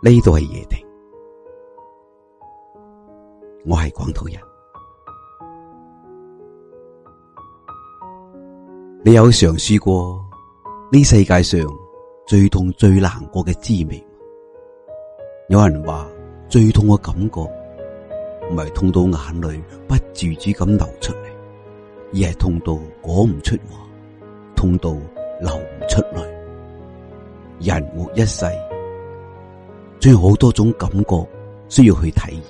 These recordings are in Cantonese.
呢度係夜定，我係廣土人。你有嘗試過呢世界上最痛最難過嘅滋味？有人話最痛嘅感覺唔係痛到眼淚不自主咁流出嚟，而係痛到講唔出話，痛到流唔出淚。人活一世。有好多種感覺需要去體驗，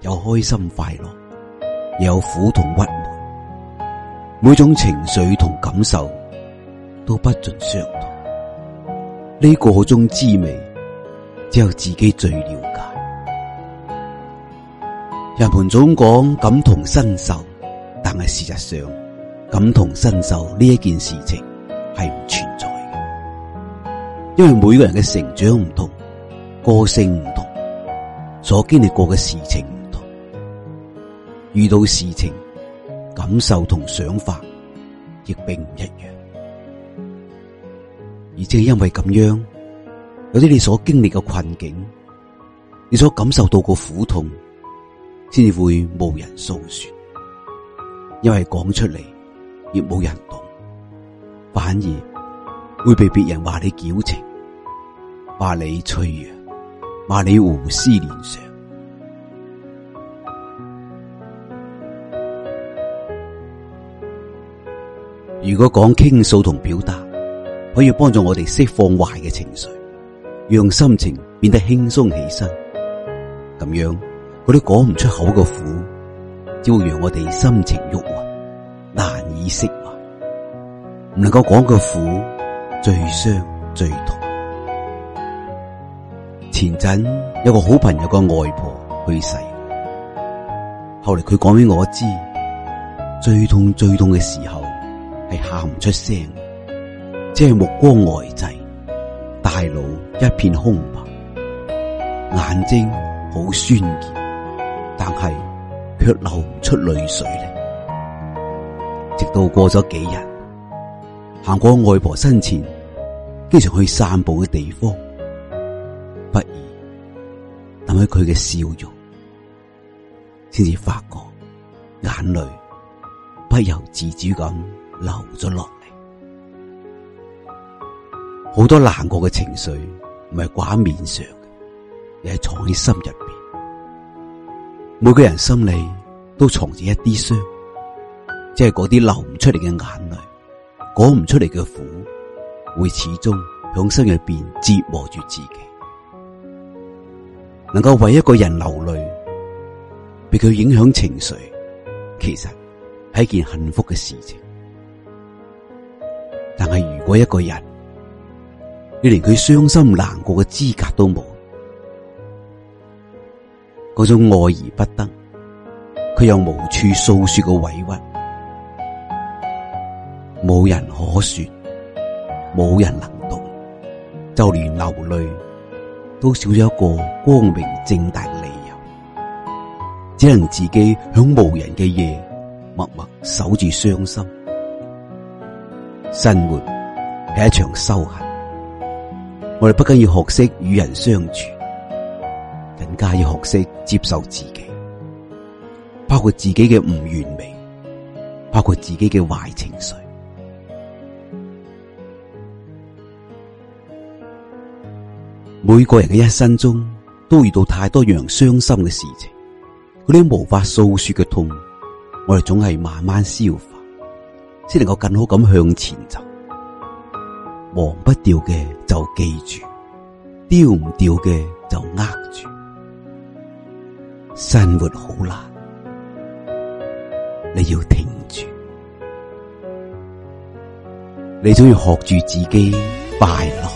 有開心快樂，有苦痛鬱悶，每種情緒同感受都不盡相同。呢個種滋味只有自己最了解。人們總講感同身受，但係事實上，感同身受呢一件事情係唔存在嘅，因為每個人嘅成長唔同。個性唔同，所經歷過嘅事情唔同，遇到事情感受同想法亦並唔一樣。而正係因為咁樣，有啲你所經歷嘅困境，你所感受到嘅苦痛，先至會冇人訴說，因為講出嚟亦冇人懂，反而會被別人話你矯情，話你脆弱。話你胡思亂想。如果講傾訴同表達，可以幫助我哋釋放壞嘅情緒，讓心情變得輕鬆起身。咁樣嗰啲講唔出口嘅苦，只會讓我哋心情鬱鬱，難以釋懷。唔能夠講嘅苦，最傷最痛。前陣有個好朋友個外婆去世，後嚟佢講俾我知，最痛最痛嘅時候係喊唔出聲，即係目光呆滯，大腦一片空白，眼睛好酸澀，但係卻流唔出淚水嚟。直到過咗幾日，行過外婆生前，經常去散步嘅地方。喺佢嘅笑容，先至發覺眼淚不由自主咁流咗落嚟。好多難過嘅情緒唔係掛面上嘅，而係藏喺心入邊。每個人心裏都藏住一啲傷，即係嗰啲流唔出嚟嘅眼淚，講唔出嚟嘅苦，會始終響心入邊折磨住自己。能夠為一個人流淚，被佢影響情緒，其實係一件幸福嘅事情。但係如果一個人，你連佢傷心難過嘅資格都冇，嗰種愛而不得，佢又無處訴說嘅委屈，冇人可說，冇人能懂，就連流淚。都少咗一個光明正大嘅理由，只能自己響無人嘅夜，默默守住傷心。生活係一場修行，我哋不僅要學識與人相處，更加要學識接受自己，包括自己嘅唔完美，包括自己嘅壞情緒。每個人嘅一生中都遇到太多讓人傷心嘅事情，嗰啲無法訴說嘅痛，我哋總係慢慢消化，先能夠更好咁向前走。忘不掉嘅就記住，丟唔掉嘅就握住。生活好難，你要停住，你總要學住自己快樂。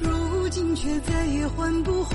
如今卻再也喚不回。